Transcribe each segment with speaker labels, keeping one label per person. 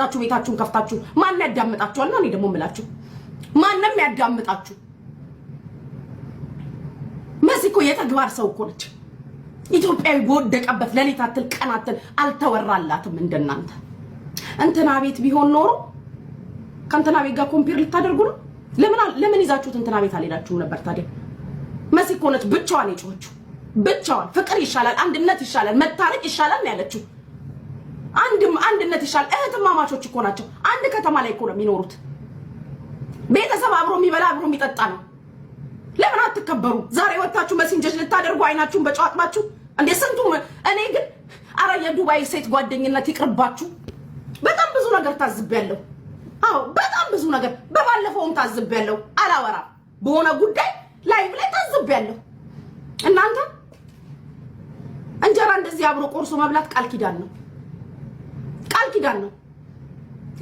Speaker 1: መጣችሁ ቤታችሁን ከፍታችሁ ማን ያዳምጣችኋል? ነው እኔ ደግሞ የምላችሁ ማንም ያዳምጣችሁ። መሲ እኮ የተግባር ሰው እኮ ነች። ኢትዮጵያዊ በወደቀበት ሌሊት አትል ቀን አትል አልተወራላትም። እንደናንተ እንትና ቤት ቢሆን ኖሮ ከእንትና ቤት ጋር ኮምፒር ልታደርጉ ነው። ለምን ይዛችሁት እንትና ቤት አልሄዳችሁም ነበር ታዲያ? መሲ እኮ ነች ብቻዋን የጮኸችው። ብቻዋን ፍቅር ይሻላል፣ አንድነት ይሻላል፣ መታረቅ ይሻላል ነው ያለችው። አንድነትም አንድነት ይሻል። እህትማማቾች እኮ ናቸው። አንድ ከተማ ላይ እኮ ነው የሚኖሩት። ቤተሰብ አብሮ የሚበላ አብሮ የሚጠጣ ነው። ለምን አትከበሩ? ዛሬ ወታችሁ መሲንጀጅ ልታደርጉ አይናችሁን በጨዋጥማችሁ እንዴ! ስንቱ እኔ ግን አረ የዱባይ ሴት ጓደኝነት ይቅርባችሁ። በጣም ብዙ ነገር ታዝቤያለሁ። አዎ በጣም ብዙ ነገር በባለፈውም ታዝቤያለሁ። አላወራ በሆነ ጉዳይ ላይቭ ላይ ታዝቤያለሁ። እናንተ እንጀራ እንደዚህ አብሮ ቆርሶ መብላት ቃል ኪዳን ነው። ቃል ኪዳን ነው።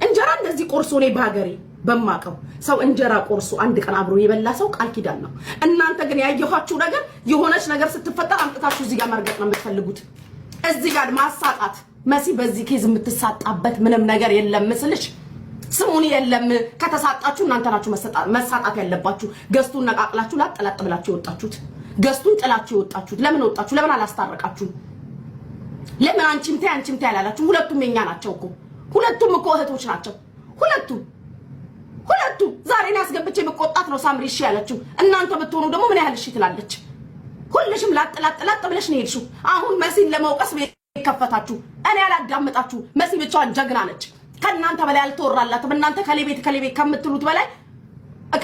Speaker 1: እንጀራ እንደዚህ ቆርሶ እኔ በሀገሬ በማቀው ሰው እንጀራ ቆርሶ አንድ ቀን አብሮ የበላ ሰው ቃል ኪዳን ነው። እናንተ ግን ያየኋችሁ ነገር የሆነች ነገር ስትፈጠር አምጥታችሁ እዚህ ጋር መርገጥ ነው የምትፈልጉት፣ እዚህ ጋር ማሳጣት። መሲ በዚህ ኬዝ የምትሳጣበት ምንም ነገር የለም ምስልሽ ስሙን የለም። ከተሳጣችሁ እናንተ ናችሁ መሳጣት ያለባችሁ። ገዝቱን ነቃቅላችሁ ላጥ ላጥ ብላችሁ የወጣችሁት ገዝቱን ጥላችሁ የወጣችሁት ለምን ወጣችሁ? ለምን አላስታረቃችሁም? ለምን አንቺም ታይ አንቺም ታይ አላላችሁ? ሁለቱም የኛ ናቸው እኮ ሁለቱም እኮ እህቶች ናቸው። ሁለቱም ሁለቱ ዛሬ እኔ አስገብቼ መቆጣት ነው ሳምሪ እሺ ያለችው። እናንተ ብትሆኑ ደግሞ ምን ያህል እሺ ትላለች? ሁልሽም ላጥ ላጥ ላጥ ብለሽ ነው የሄድሽው። አሁን መሲን ለመውቀስ ከፈታችሁ። እኔ ያላዳምጣችሁ። መሲ ብቻዋን ጀግና ነች። ከእናንተ በላይ አልተወራላትም። እናንተ ከሌቤት ከሌቤት ከምትሉት በላይ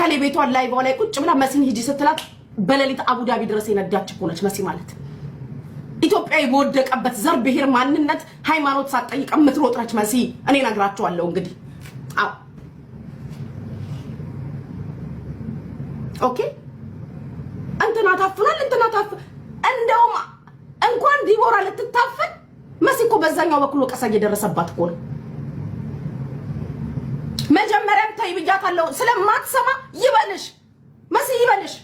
Speaker 1: ከሌቤቷን ላይቫው ላይ ቁጭ ብላ መሲን ሂጂ ስትላት በሌሊት አቡዳቢ ድረስ የነዳች እኮ ነች መሲ ማለት ኢትዮጵያ የወደቀበት ዘር፣ ብሔር፣ ማንነት፣ ሃይማኖት ሳትጠይቅ የምትሮጥ መሲ። እኔ እነግራችኋለሁ እንግዲህ ኦኬ እንትና ታፍናል፣ እንትና ታፍ እንደውም እንኳን ዲቦራ ልትታፈን መሲ እኮ በዛኛው በኩል ወቀሳ እየደረሰባት እኮ ነው። መጀመሪያም ተይ ብያታለሁ ስለማትሰማ ይበልሽ፣ መሲ ይበልሽ፣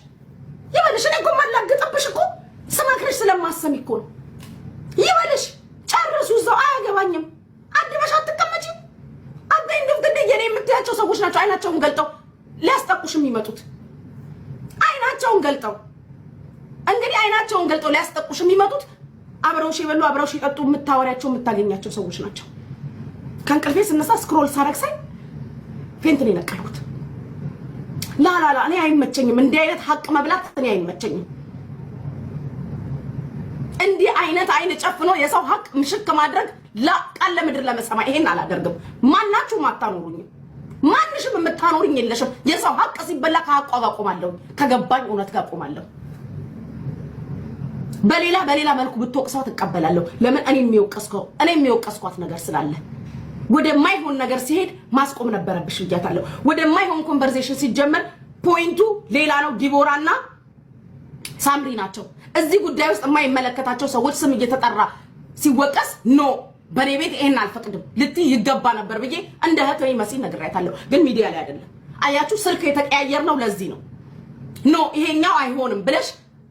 Speaker 1: ይበልሽ። እኔ እኮ የማላግጥብሽ እኮ ስመክርሽ ስለማሰሚ እኮ ነው። ይበልሽ፣ ጨርሱ። እዛው አያገባኝም። አድበሽ አትቀመጪም። አበይ ድፍድድ የኔ የምትያቸው ሰዎች ናቸው አይናቸውን ገልጠው ሊያስጠቁሽ የሚመጡት አይናቸውን ገልጠው እንግዲህ አይናቸውን ገልጠው ሊያስጠቁሽ የሚመጡት አብረውሽ የበሉ አብረውሽ የጠጡ የምታወሪያቸው የምታገኛቸው ሰዎች ናቸው። ከእንቅልፌ ስነሳ ስክሮል ሳረግሳይ ፌንት ነው የነቀልኩት። ላላላ እኔ አይመቸኝም። እንዲህ አይነት ሀቅ መብላት እኔ አይመቸኝም። እንዲህ አይነት አይን ጨፍኖ የሰው ሀቅ ምሽክ ማድረግ ቃል ለምድር ለመሰማ ይሄን አላደርግም። ማናችሁም አታኖሩኝም። ማንሽም የምታኖርኝ የለሽም። የሰው ሀቅ ሲበላ ከሀቋ ጋር ቆማለሁ፣ ከገባኝ እውነት ጋር ቆማለሁ። በሌላ በሌላ መልኩ ብትወቅሰው ትቀበላለሁ። ለምን እኔ የሚወቀስከው እኔ የሚወቀስኳት ነገር ስላለ ወደማይሆን ነገር ሲሄድ ማስቆም ነበረብሽ ብያታለሁ። ወደማይሆን ኮንቨርሴሽን ሲጀመር ፖይንቱ ሌላ ነው። ዲቦራና ሳምሪ ናቸው። እዚህ ጉዳይ ውስጥ የማይመለከታቸው ሰዎች ስም እየተጠራ ሲወቀስ ኖ በእኔ ቤት ይሄን አልፈቅድም ልትይ ይገባ ነበር ብዬ እንደ እህት ወይ መሲ ነግሬያታለሁ። ግን ሚዲያ ላይ አይደለም። አያችሁ፣ ስልክ የተቀያየር ነው። ለዚህ ነው ኖ ይሄኛው አይሆንም ብለሽ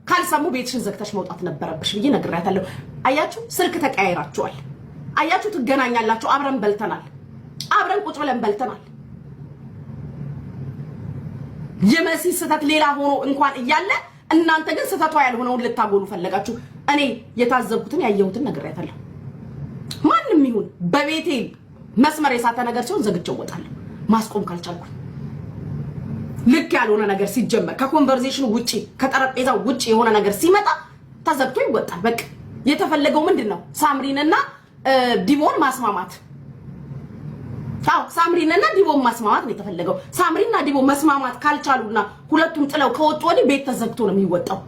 Speaker 1: ካልሰሙ ቤትሽን ዘግተሽ መውጣት ነበረብሽ ብዬ ነግሬያታለሁ። አያችሁ፣ ስልክ ተቀያይራችኋል። አያችሁ፣ ትገናኛላችሁ። አብረን በልተናል፣ አብረን ቁጭ ብለን በልተናል። የመሲ ስህተት ሌላ ሆኖ እንኳን እያለ እናንተ ግን ስህተቷ ያልሆነውን ልታጎሉ ፈለጋችሁ። እኔ የታዘብኩትን ያየሁትን ነግሬያታለሁ። ማንም ይሁን በቤቴ መስመር የሳተ ነገር ሲሆን ዘግቼ እወጣለሁ፣ ማስቆም ካልቻልኩኝ። ልክ ያልሆነ ነገር ሲጀመር ከኮንቨርሴሽኑ ውጪ ከጠረጴዛው ውጪ የሆነ ነገር ሲመጣ ተዘግቶ ይወጣል። በቃ የተፈለገው ምንድን ነው? ሳምሪንና ዲቦን ማስማማት አዎ ሳምሪንና ዲቦን ማስማማት ነው የተፈለገው። ሳምሪና ዲቦ መስማማት ካልቻሉና ሁለቱም ጥለው ከወጡ ወዲህ ቤት ተዘግቶ ነው የሚወጣው።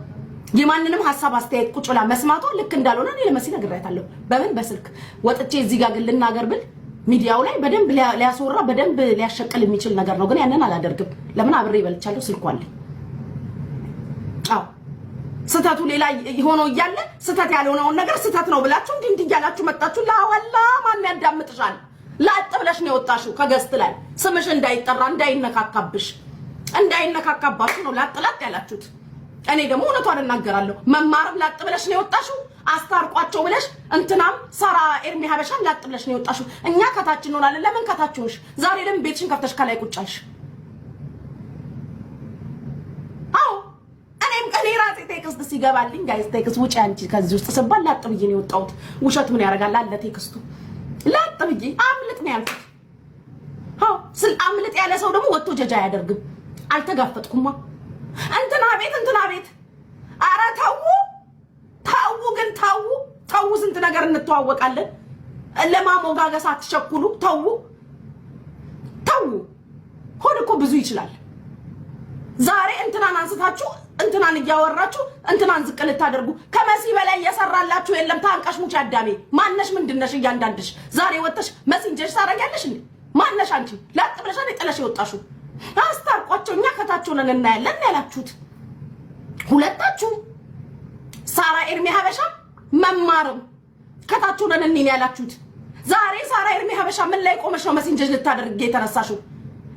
Speaker 1: የማንንም ሀሳብ አስተያየት ቁጭ ብላ መስማቷ ልክ እንዳልሆነ እኔ ለመሲ ነግሬያታለሁ። በምን በስልክ ወጥቼ እዚህ ጋር ግን ልናገር ብል ሚዲያው ላይ በደንብ ሊያስወራ በደንብ ሊያሸቅል የሚችል ነገር ነው። ግን ያንን አላደርግም። ለምን አብሬ ይበልቻለሁ፣ ስልኩ አለኝ። አዎ ስህተቱ ሌላ ሆኖ እያለ ስህተት ያልሆነውን ነገር ስህተት ነው ብላችሁ እንዲህ እንዲህ እያላችሁ መጣችሁ። ላዋላ ማን ያዳምጥሻል? ላጥ ብለሽ ነው የወጣሽው ከገስት ላይ ስምሽ እንዳይጠራ እንዳይነካካብሽ እንዳይነካካባችሁ ነው ላጥ ላጥ ያላችሁት። እኔ ደግሞ እውነቷን እናገራለሁ። መማርም ላጥ ብለሽ ነው የወጣሽው። አስታርቋቸው ብለሽ እንትናም ሰራ ኤርሚ ሀበሻም ላጥ ብለሽ ነው የወጣሽው። እኛ ከታች እንሆናለን። ለምን ከታችሁሽ? ዛሬ ለምን ቤትሽን ከፍተሽ ከላይ ቁጭ አልሽ? አዎ እኔም እኔ ራሴ ቴክስት ሲገባልኝ ጋይስ ቴክስት ውጪ አንቺ ከዚህ ውስጥ ስባል ላጥ ብዬ ነው የወጣሁት። ውሸት ምን ያደርጋል አለ ቴክስቱ ብዬ አምልጥ ነው ያልኩት። አምልጥ ያለ ሰው ደግሞ ወጥቶ ጀጃ አያደርግም። አልተጋፈጥኩማ። እንትና ቤት እንትና ቤት፣ አረ ተው ተው፣ ግን ተው ተው። ስንት ነገር እንተዋወቃለን። ለማሞጋገስ አትቸኩሉ። ተው ተው። ሆድ እኮ ብዙ ይችላል። ዛሬ እንትናን አንስታችሁ እንትናን እያወራችሁ እንትናን ዝቅ ልታደርጉ ከመሲ በላይ እየሰራላችሁ የለም። ታንቀሽ ሙች አዳሜ ማነሽ? ምንድነሽ? እያንዳንድሽ ዛሬ ወጥተሽ መሲንጀርሽ ታደርጊያለሽ እንዴ? ማነሽ አንቺ? ላጥ ብለሽ ጥለሽ የወጣሹ አስታርቋቸው። እኛ ከታች ሆነን እናያለን ያላችሁት ሁለታችሁ፣ ሳራ ኤርሜ ሀበሻ መማርም ከታች ሆነን እኔን ያላችሁት ዛሬ ሳራ ኤርሜ ሀበሻ ምን ላይ ቆመሽ ነው መሲንጀር ልታደርግ የተነሳሽው?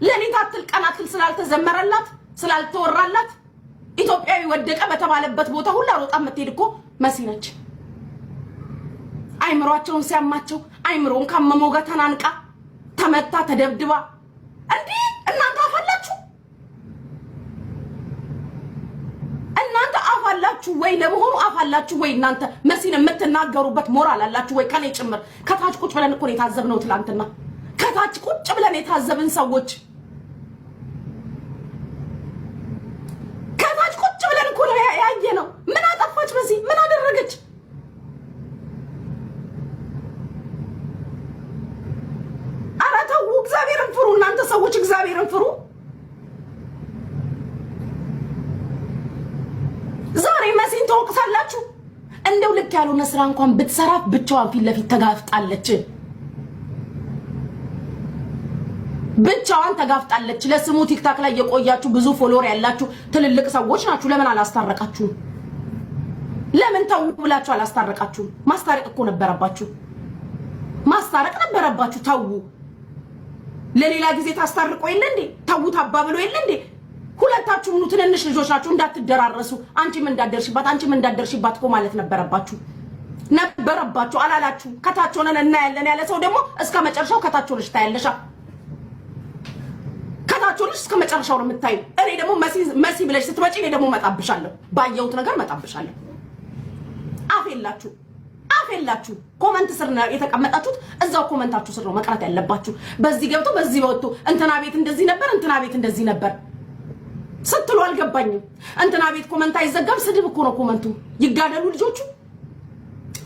Speaker 1: ሌሊት አትል ቀን አትል ስላልተዘመረላት ስላልተወራላት ኢትዮጵያዊ ወደቀ በተባለበት ቦታ ሁላ ሮጣ የምትሄድ እኮ መሲ ነች። አይምሯቸውን ሲያማቸው አይምሮን ካመመው ጋር ተናንቃ ተመታ ተደብድባ እንዲህ እናንተ አፋላችሁ እናንተ አፋላችሁ ወይ ለመሆኑ አፋላችሁ ወይ እናንተ መሲን የምትናገሩበት ሞራል አላችሁ ወይ ከኔ ጭምር ከታች ቁጭ ብለን እኮ የታዘብነው ትላንትና ከታች ቁጭ ብለን የታዘብን ሰዎች እናንተ ሰዎች እግዚአብሔርን ፍሩ። ዛሬ መሲን ተወቅሳላችሁ። እንደው ልክ ያልሆነ ስራ እንኳን ብትሰራ ብቻዋን ፊት ለፊት ተጋፍጣለች። ብቻዋን ተጋፍጣለች። ለስሙ ቲክታክ ላይ የቆያችሁ ብዙ ፎሎወር ያላችሁ ትልልቅ ሰዎች ናችሁ። ለምን አላስታረቃችሁም? ለምን ተው ብላችሁ አላስታረቃችሁም? ማስታረቅ እኮ ነበረባችሁ። ማስታረቅ ነበረባችሁ። ተው ለሌላ ጊዜ ታስታርቆ የለ እንዴ? ተዉት አባ ብሎ የለ እንዴ? ሁለታችሁም ኑ ትንንሽ ልጆች ናችሁ፣ እንዳትደራረሱ። አንቺም እንዳደርሽባት፣ አንቺም እንዳደርሽባት እኮ ማለት ነበረባችሁ ነበረባችሁ። አላላችሁ? ከታች ሆነን እናያለን ያለ ሰው ደግሞ እስከ መጨረሻው ከታች ሆነሽ ታያለሻ። ከታች ሆነሽ እስከ መጨረሻው ነው የምታዩ። እኔ ደግሞ መሲ ብለሽ ስትመጪ እኔ ደግሞ መጣብሻለሁ፣ ባየሁት ነገር መጣብሻለሁ። አፍ የላችሁ ጫፍ የላችሁ። ኮመንት ስር የተቀመጣችሁት እዛው ኮመንታችሁ ስር ነው መቅረት ያለባችሁ። በዚህ ገብቶ በዚህ ወጥቶ እንትና ቤት እንደዚህ ነበር፣ እንትና ቤት እንደዚህ ነበር ስትሉ አልገባኝም። እንትና ቤት ኮመንት አይዘጋም። ስድብ እኮ ነው ኮመንቱ። ይጋደሉ ልጆቹ።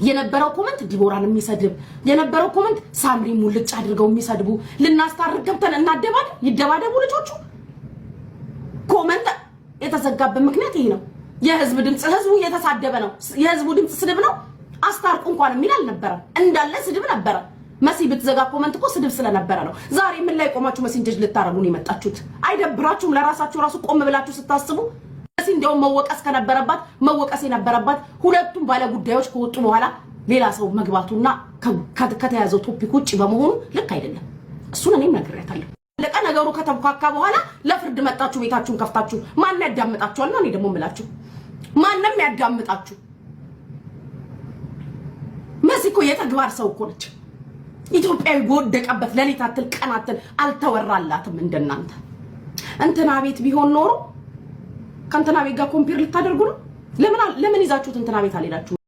Speaker 1: የነበረው ኮመንት ዲቦራን የሚሰድብ የነበረው ኮመንት ሳምሪ ሙልጭ አድርገው የሚሰድቡ ልናስታርቅ ገብተን እናደባል። ይደባደቡ ልጆቹ። ኮመንት የተዘጋበት ምክንያት ይሄ ነው። የህዝብ ድምፅ ህዝቡ እየተሳደበ ነው። የህዝቡ ድምፅ ስድብ ነው። አስታርቁ እንኳን የሚል አልነበረም። እንዳለ ስድብ ነበረ። መሲ ብትዘጋ ኮመንት እኮ ስድብ ስለነበረ ነው። ዛሬ ምን ላይ ቆማችሁ መሲን ጀጅ ልታረጉን የመጣችሁት? አይደብራችሁም? ለራሳችሁ ራሱ ቆም ብላችሁ ስታስቡ መሲ እንዲያውም መወቀስ ከነበረባት መወቀስ የነበረባት ሁለቱም ባለ ጉዳዮች ከወጡ በኋላ ሌላ ሰው መግባቱና ከተያዘው ቶፒክ ውጭ በመሆኑ ልክ አይደለም። እሱን እኔም ነግሬያታለሁ። ለቀ ነገሩ ከተብኳካ በኋላ ለፍርድ መጣችሁ ቤታችሁን ከፍታችሁ ማን ያዳምጣችኋል? እኔ ደግሞ የምላችሁ ማንም ያዳምጣችሁ እንደዚህ እኮ የተግባር ሰው እኮ ነች ኢትዮጵያዊ። በወደቀበት ሌሊት አትል ቀን አትል አልተወራላትም። እንደናንተ እንትና ቤት ቢሆን ኖሮ ከእንትና ቤት ጋር ኮምፒር ልታደርጉ ነው። ለምን ይዛችሁት እንትና ቤት አልሄዳችሁ?